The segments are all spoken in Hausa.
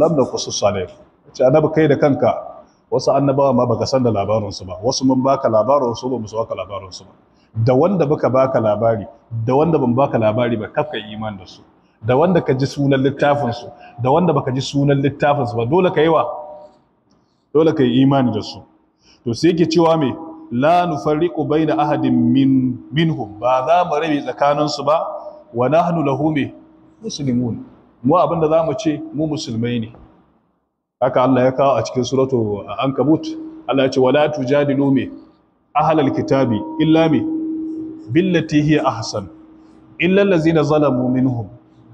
lam naqsus alayk ce annabi kai da kanka wasu annabawa ma baka san da labarin su ba wasu mun baka labarin su ba musu baka labarin su ba da wanda baka baka labari da wanda ban baka labari ba kafka iman da su da wanda ka ji sunan littafin su da wanda baka ji sunan littafin su ba dole ka yi wa dole ka yi imani da su to sai yake cewa me la nufarriqu baina ahadin min minhum ba za mu rabe tsakanin su ba wa nahnu lahu me muslimun mu abin da za mu ce mu musulmai ne haka Allah ya kawo a cikin suratu ankabut Allah ya ce wala tujadilu me ahlal kitabi illa me billati hi ahsan illa allazina zalamu minhum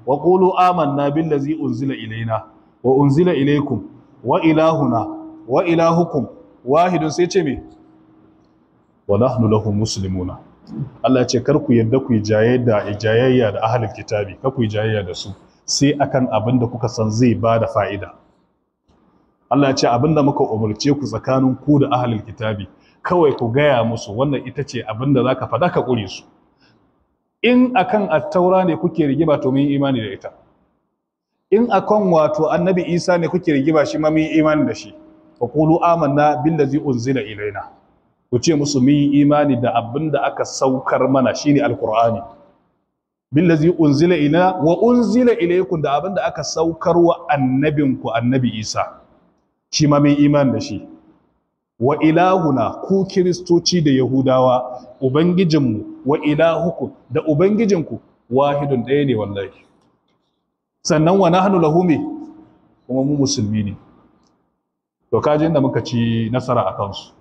wa qulu amanna billazi unzila ilaina wa unzila ilaikum wa ilahuna wa ilahukum wahidun sai ce me wa nahnu lahu muslimuna Allah ya ce kar ku yadda ku jayayya da jayayya da kitabi kar ku jayayya da su sai akan abin da kuka san zai ba da fa'ida Allah ya ce abin da muka umarce ku tsakanin ku da ahalin kitabi kawai ku gaya musu wannan ita ce abin da za ka faɗa ka ƙure su in akan attaura ne kuke rigiba to mun imani da ita in akan wato annabi isa ne kuke rigiba shi ma mun imani da shi fa kulu amanna billazi unzila ilaina ku ce musu mun imani da abin da aka saukar mana shine alqur'ani billazi unzila ila wa unzila ilaykum da abinda aka saukar wa annabinku annabi Isa shi ma mai iman da shi wa ilahuna ku kiristoci da yahudawa ubangijinmu wa ilahukum da ubangijinku wahidun ɗaya ne wallahi sannan wa nahnu lahu me kuma mu musulmi ne to kaji inda muka ci nasara a kansu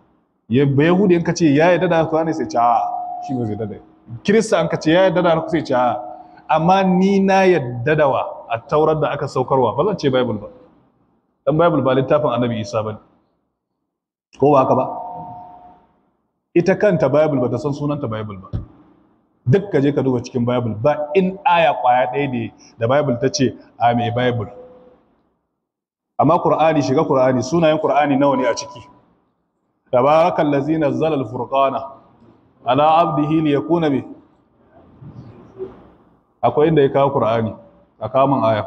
yahudiyan ka ce ya yarda da ne sai ce a shi ba zai dada. kirista an kace ya yadda da kusa sai ce a amma ni na yadda da wa a taurar da aka saukarwa ba zan ce bible ba dan bible ba littafin annabi isa ba ko ba haka ba ita kanta bible ba ta san sunanta bible ba duk ka je ka duba cikin bible ba in aya kwaya ɗaya ne da bible ta ce a mai bible amma qur'ani shiga qur'ani sunayen qur'ani nawa ne a ciki tabarakallazi lazina zalal furqana ala abdihi li yakuna bi akwai inda ya kawo qur'ani a kamun aya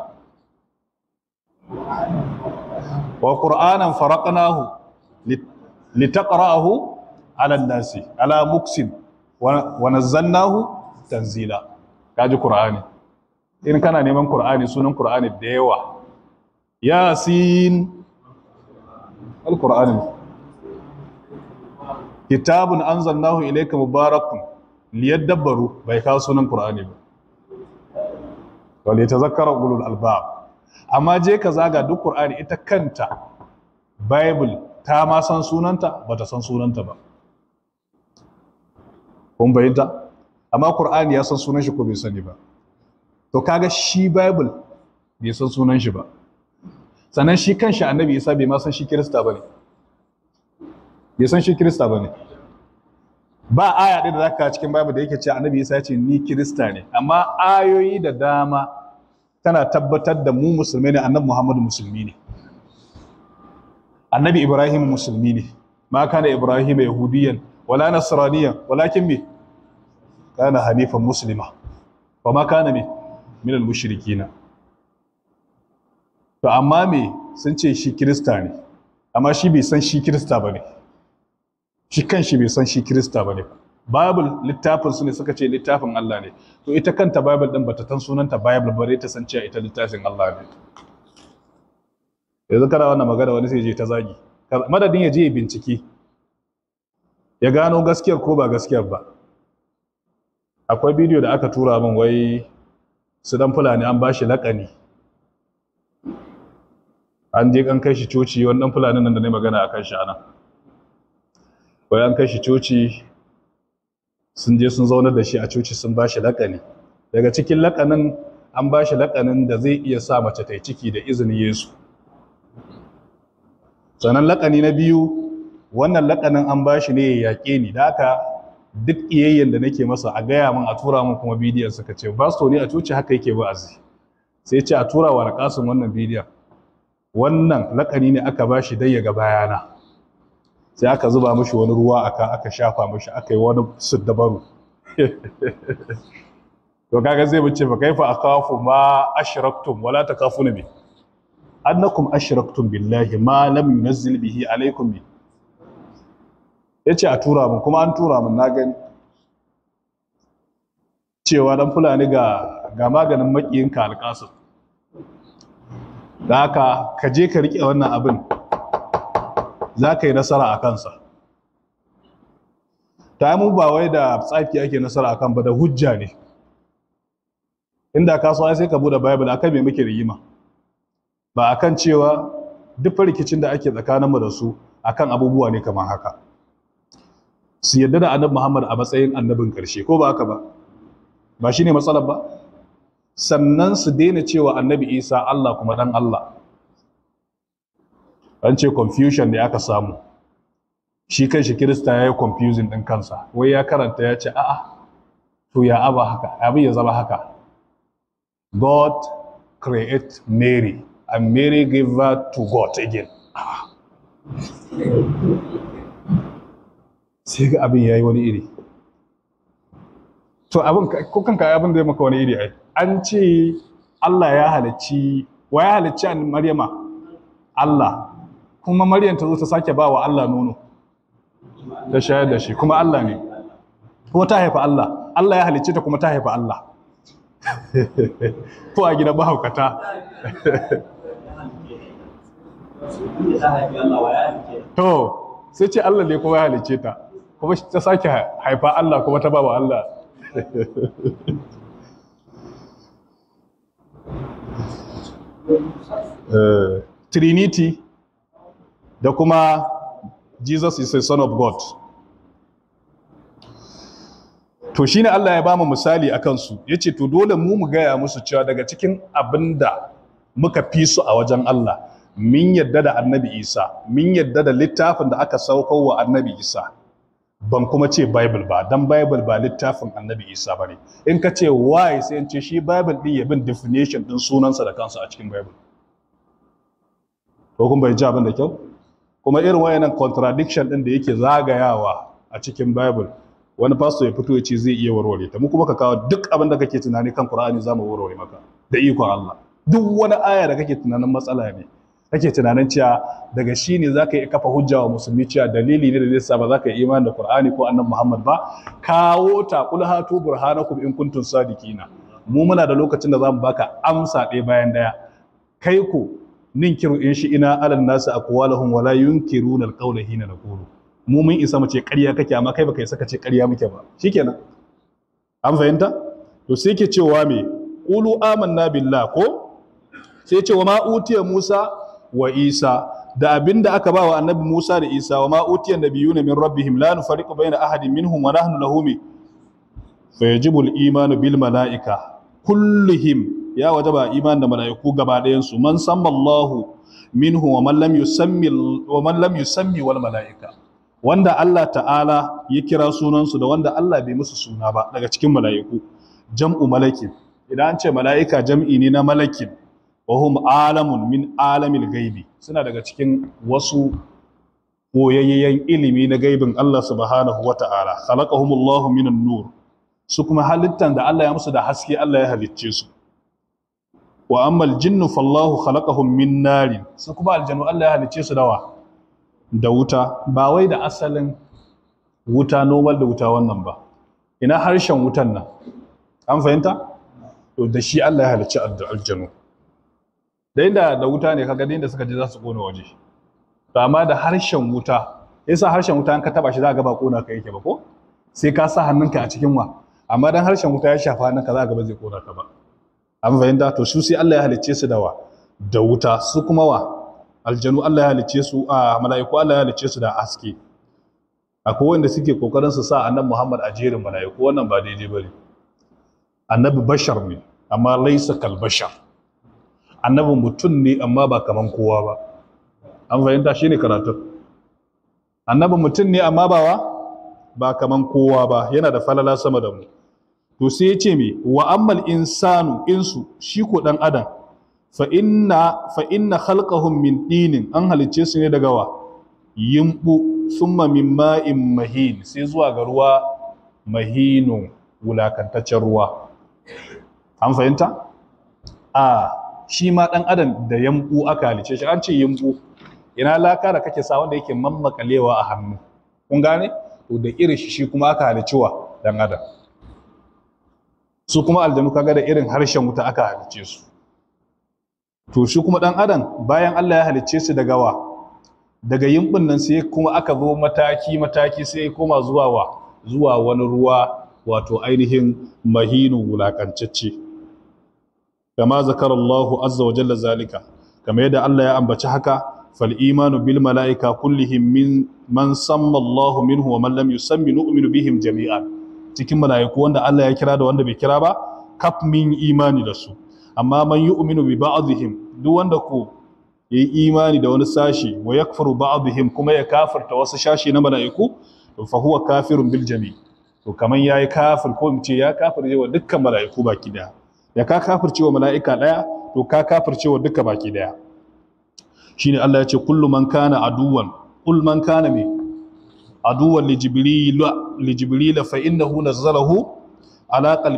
wa qur'anan faraqnahu litaqra'ahu ala nasi ala muksin wa nazzalnahu tanzila kaji qur'ani in kana neman qur'ani sunan qur'ani da yawa yasin alqur'ani kitabun anzalnahu ilayka mubarakun liyadabbaru bai kawo sunan qur'ani ba wal yatazakkara ulul albab amma je ka zaga duk qur'ani ita kanta bible ta ma san sunanta bata san sunanta ba kun bayyana amma qur'ani ya san sunan shi ko bai sani ba to kaga shi bible bai san sunan shi ba sannan shi kanshi annabi isa bai ma san shi kirista ba ne. bai san shi kirista ba ne ba aya ɗaya da za ka cikin babu da yake ce annabi isa ce ni kirista ne amma ayoyi da dama tana tabbatar da mu musulmi ne annabi muhammadu musulmi ne annabi ibrahim musulmi ne ma kana ibrahim yahudiyan wala nasraniyan walakin me kana hanifan muslima wa ma kana me min al-mushrikina to amma me sun ce shi kirista ne amma shi bai san shi kirista ba ne shi kanshi bai san shi kirista ba ne bible littafin su ne suka ce littafin Allah ne to ita kanta bible din bata tan sunanta bible bare ta san cewa ita littafin Allah ne yanzu kana wannan magana wani sai je ta zagi madadin ya je ya bincike ya gano gaskiyar ko ba gaskiyar ba akwai bidiyo da aka tura min wai su dan fulani an bashi lakani an je kan kai shi coci wannan fulanin nan da ne magana akan shi anan bayan kai shi coci sun je sun zaunar da shi a coci sun ba shi laƙani daga cikin laƙanin an ba shi laƙanin da zai iya sa mace ta ciki da izinin yesu sannan laƙani na biyu wannan laƙanin an ba shi ne ya yaƙe ni da haka duk iyayen da nake masa a gaya min a tura min kuma bidiyon suka ce Ba su ne a coci haka yake ba'azi sai ce a tura wa wannan bidiyon wannan laƙani ne aka ba shi dai ya ga bayana sai aka zuba mashi wani ruwa a kan aka shafa mashi aka yi wani suddabaru to kaga zai bace fa kaifa akafu ma ashraktum wala takafuna bi annakum ashraktum billahi ma lam yunzil bihi alaikum bi yace a tura mun kuma an tura mun na gani cewa dan fulani ga ga maganin makiyinka alƙasir da haka ka je ka riƙe wannan abin za ka yi nasara a kansa ta yi ba wai da tsaki ake nasara a kan ba da hujja ne inda ka so ai sai ka bude bible akan me muke rigima ba akan cewa duk rikicin da ake tsakanin mu da su akan abubuwa ne kamar haka su yadda da annabi Muhammad a matsayin annabin karshe ko ba haka ba ba shine matsalar ba sannan su daina cewa annabi Isa Allah kuma dan Allah an ce confusion ne aka samu shi kan shi kirista ya yi confusing ɗin kansa wai ya karanta ya ce a'a to ya aba haka abin ya zama haka God create Mary and Mary give birth to God again sai ga abin ya yi wani iri to abin ko kanka abin da ya maka wani iri ai an ce Allah ya halicci wa ya halicci Maryama Allah kuma maryam ta zo ta sake ba wa Allah nono ta shayar da shi kuma Allah ne kuma ta haifa Allah Allah ya halicce ta kuma ta haifa Allah ko a gida ba haukata to sai ce Allah ne kuma ya halicce ta kuma ta sake haifa Allah kuma ta ba wa Allah eh, Trinity da kuma Jesus is the son of God to ne Allah ya bamu misali a kansu ya ce to dole mu mu gaya musu cewa daga cikin abinda muka fi su a wajen Allah min yadda da annabi Isa min yadda da littafin da aka saukar wa annabi Isa ban kuma ce Bible ba don Bible ba littafin annabi Isa ba ne in ka ce why sai in ce shi Bible ɗin ya bin definition ɗin sunansa da kansa a cikin Bible ko kun bai ji abin da kyau kuma irin wayannan contradiction din da yake zagayawa a cikin bible wani pastor ya fito ya ce zai iya warware ta mu kuma ka kawo duk abin da kake tunani kan qur'ani za mu warware maka da ikon Allah duk wani aya da kake tunanin matsala ne kake tunanin cewa daga shi ne za ka yi kafa hujja wa musulmi cewa dalili ne da zai sa ba za ka yi imani da Qur'ani ko annabi Muhammad ba kawo ta kul hatu burhanakum in kuntum sadiqina mu muna da lokacin da zamu baka amsa ɗaya bayan ɗaya kai ku ninkiru in shi ina alan nasu aqwalahum wala yunkiruna alqawla hina naqulu mu mun isa mu ce ƙarya kake amma kai baka isa ka ce ƙarya muke ba shikenan an fahimta to sai ke cewa me qulu amanna billah ko sai ce wa ma musa wa isa da abin da aka wa annabi musa da isa wa ma utiya nabiyuna min rabbihim la nufariqu baina ahadin minhum wa nahnu lahu fayajibu al-imanu bil mala'ika kullihim ya wajaba iman da mala'iku gaba ɗayan su man samma Allahu minhu wa man lam yusammi wal mala'ika wanda Allah ta'ala ya kira sunansu da wanda Allah bai musu suna ba daga cikin mala'iku jam'u malakin idan an ce mala'ika jam'i ne na malakin wa hum alamun min alamil gaibi suna daga cikin wasu koyayyen ilimi na gaibin Allah subhanahu wa ta'ala khalaqahumullahu minan nur su kuma halittan da Allah ya musu da haske Allah ya halicce su wa ammal jinnu fallahu khalaqahum min narin su kuma aljanu Allah ya halice su dawa da wuta ba wai da asalin wuta normal da wuta wannan ba ina harshen wutan nan an fahimta to da shi Allah ya halice aljanu da da wuta ne kaga da suka je za su kona waje to amma da harshen wuta yasa harshen wuta an ka taba shi za ka ga ba kona ka yake ba ko sai ka sa hannunka a cikin wa amma dan harshen wuta ya shafa hannunka za ka ga ba zai kona ka ba an fahimta to su sai Allah ya halicce su da wa da wuta su kuma wa aljanu Allah ya halicce su a mala'iku Allah ya halicce su da haske akwai wanda suke kokarin su sa annabi Muhammad a jerin mala'iku wannan ba daidai bane annabi bashar ne amma laisa kal bashar annabi mutum ne amma ba kaman kowa ba an fahimta shine karatu annabi mutum ne amma ba wa ba kaman kowa ba yana da falala sama da mu to sai ya ce me wa ammal insanu insu shi ko dan adam fa inna fa inna khalqahum min dinin an halicce su ne daga wa yimbu summa min ma'in mahin sai zuwa ga ruwa mahinu wulakantaccen ruwa an fahimta a shi ma dan adam da yambu aka halice shi an ce yambu ina laka da kake sa wanda yake mammakalewa a hannu kun gane to da irin shi kuma aka halicewa dan adam su kuma aljanu kaga da irin harshen wuta aka halicce su to shi kuma dan adam bayan Allah ya halicce su daga wa daga yimbin nan sai kuma aka zo mataki mataki sai koma zuwa wa zuwa wani ruwa wato ainihin mahinu wulakancacce kama zakarallahu azza wa jalla zalika kama yadda Allah ya ambaci haka fal imanu bil malaika kullihim min man samma Allahu minhu wa man lam yusammi nu'minu bihim jami'an cikin mala'iku wanda Allah ya kira da wanda bai kira ba kaf min imani da su amma man yu'minu bi ba'dihim duk wanda ko yayi imani da wani sashi wa yakfuru ba'dihim kuma ya kafirta wasu sashi na mala'iku fa huwa kafirun bil jami' to kaman yayi kafir ko mu ce ya kafirce wa dukkan mala'iku baki daya ya ka kafirce wa mala'ika daya to ka kafirce wa dukkan baki daya shine Allah ya ce kullu man kana aduwan kul man kana me aduwan lijibrila fa innahu nazzalahu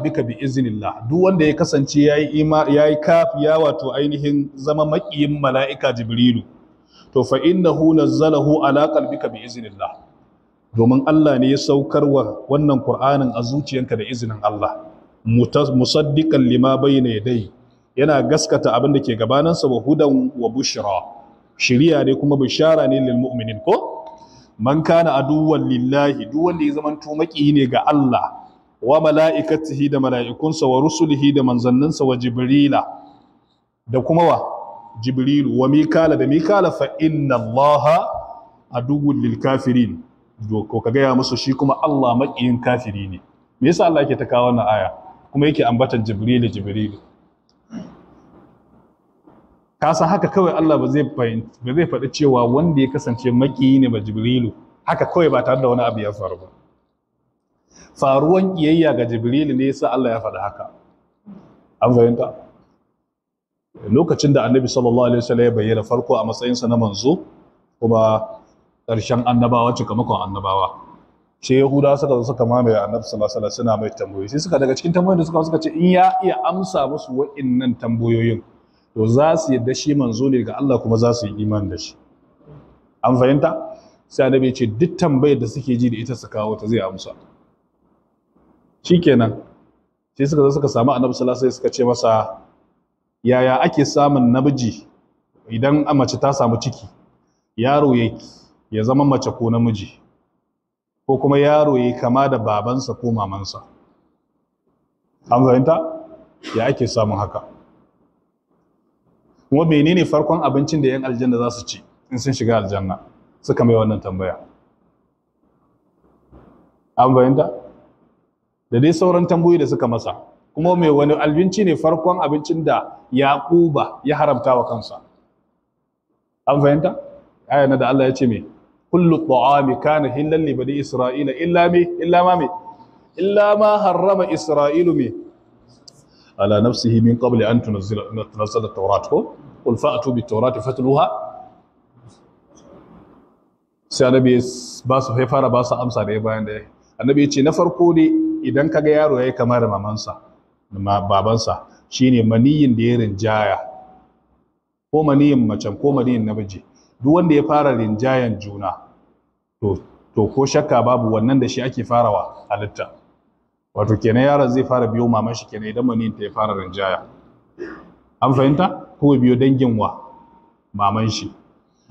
bi duk wanda ya kasance yayi ima yayi kafiya wato ainihin zama maƙiyin mala'ika jibrilu to fa'innahu innahu nazzalahu ala bi iznillah domin Allah ne ya saukarwa wannan ƙur'anin a zuciyanka da izinin Allah musaddiqan lima bayna dai yana gaskata abin da ke gabanansa wa hudan wa bushra shiriya ne kuma bishara ne lil mu'minin ko man kana aduwwan lillahi duk wanda ya zamanto tumaki ne ga Allah wa mala'ikatihi da mala'ikunsa wa rusulihi da manzanninsa wa jibrila da kuma wa jibrilu wa mikala da mikala fa inna allaha aduwwun lil kafirin ko ka gaya musu shi kuma Allah maƙiyin kafiri ne me yasa Allah yake ta kawo wannan aya kuma yake ambatan jibrilu jibrilu ka san haka kawai Allah ba zai ba zai faɗi cewa wanda ya kasance makiyi ne ba Jibrilu haka kawai ba tare da wani abu ya faru ba faruwan kiyayya ga Jibrilu ne yasa Allah ya faɗi haka an fahimta lokacin da Annabi sallallahu alaihi wasallam ya bayyana farko a matsayinsa na manzo kuma ƙarshen annabawa cikamakon annabawa sai yahuda suka zo suka mamaye annabi sallallahu alaihi wasallam suna mai tambayoyi sai suka daga cikin tambayoyin da suka suka ce in ya iya amsa musu wa'innan tambayoyin to za su yadda shi manzo ne daga Allah kuma za su yi iman da shi an fahimta sai annabi ce duk tambayar da suke ji da ita su kawo ta zai amsa shikenan sai suka zo suka samu annabi sallallahu alaihi suka ce masa yaya ake samun namiji idan a mace ta samu ciki yaro ya ya zama mace ko namiji ko kuma yaro ya kama da babansa ko mamansa an fahimta ya ake samun haka kuma menene farkon abincin da yan aljanna za su ci in sun shiga aljanna suka mai wannan tambaya an bayanta da dai sauran tambayoyi da suka masa kuma mai wani abinci ne farkon abincin da yaquba ya haramta wa kansa an fahimta ayana da Allah ya ce me kullu ta'ami kana hillan li bani isra'ila illa me illa ma me illa ma harrama isra'ilu me ala nafsihi min qabli an tunzila tunzila at-taurat ko qul fa'tu bit-taurati fatluha sai annabi ba su fara ba su amsa da bayan da annabi ya ce na farko ne idan kaga yaro yayi kama da mamansa da babansa shine maniyin da ya rinjaya ko maniyin macen ko maniyin namiji duk wanda ya fara rinjayan juna to to ko shakka babu wannan da shi ake farawa halitta wato kenan yaron zai fara biyo maman shi kenan idan manin ta ya fara rinjaya an fahimta ko biyo dangin wa maman shi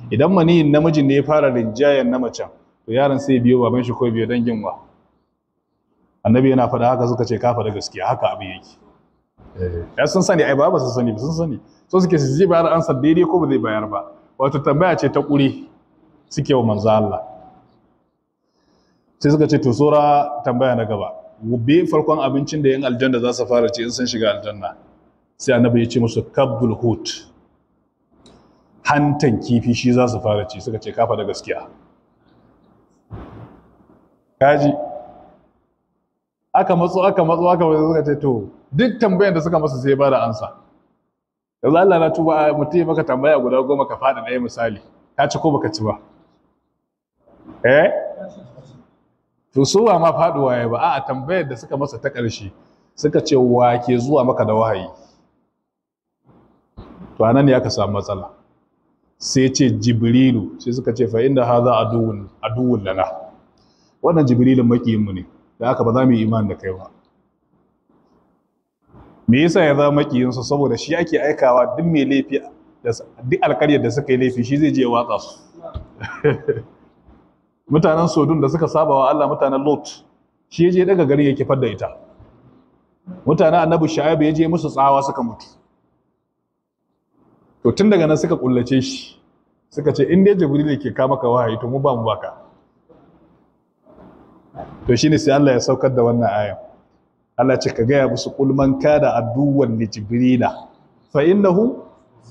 idan maniyin namijin ne ya fara rinjayan na macen to yaron sai biyo baban shi ko biyo dangin wa annabi yana faɗa haka suka ce ka faɗa gaskiya haka abin yake eh, ya sun sani ai ba sun sani ba sun sani so suke su ji bayar ansa daidai ko ba zai bayar ba wato tambaya ce ta ƙuri suke wa manzo Allah sai suka ce to sura tambaya na gaba bi farkon abincin da yin aljanna za su fara ce, in sun shiga aljanna sai annabi ya ce musu kabdul hut hantan kifi shi za su fara ce, suka ce kafa da gaskiya kaji aka matso aka matso aka matso suka ce to duk tambayan da suka masa sai ba da ansa yanzu Allah na tuba mutum maka tambaya guda goma ka faɗi ɗaya misali ka ci ko baka ci ba eh to ba ma faduwa ya ba a tambayar da suka masa ta ƙarshe suka ce wa ke zuwa maka da wahayi to anan ya ka samu matsala sai ce jibrilu sai suka ce fa inda hadha aduwwun aduwwun lana wannan Jibrilu makiyin ne da aka ba za mu yi imani da kai ba me yasa ya zama makiyin saboda shi ake aikawa duk mai laifi duk alƙaryar da suka yi laifi shi zai je watsa su mutanen sodun da suka saba wa Allah mutanen lot shi ya je daga gari ya kifar da ita mutanen annabi sha'ib ya je musu tsawa suka mutu to tun daga nan suka kullace shi suka ce in dai jibril yake ka maka wahayi to mu ba mu baka to shine sai Allah ya saukar da wannan aya Allah ce ka gaya musu kulman kada adduwan li jibrila fa innahu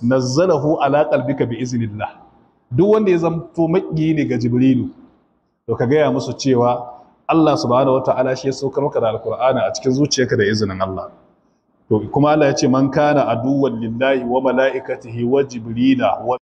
nazzalahu ala qalbika bi iznillah duk wanda ya zanto maki ne ga jibrilu to ka gaya musu cewa Allah subhanahu wataala shi ya saukar maka da alqur'ana a cikin zuciyarka da izinin Allah to kuma Allah ya ce man kana aduwwan lillahi wa mala'ikatihi wa jibrila wa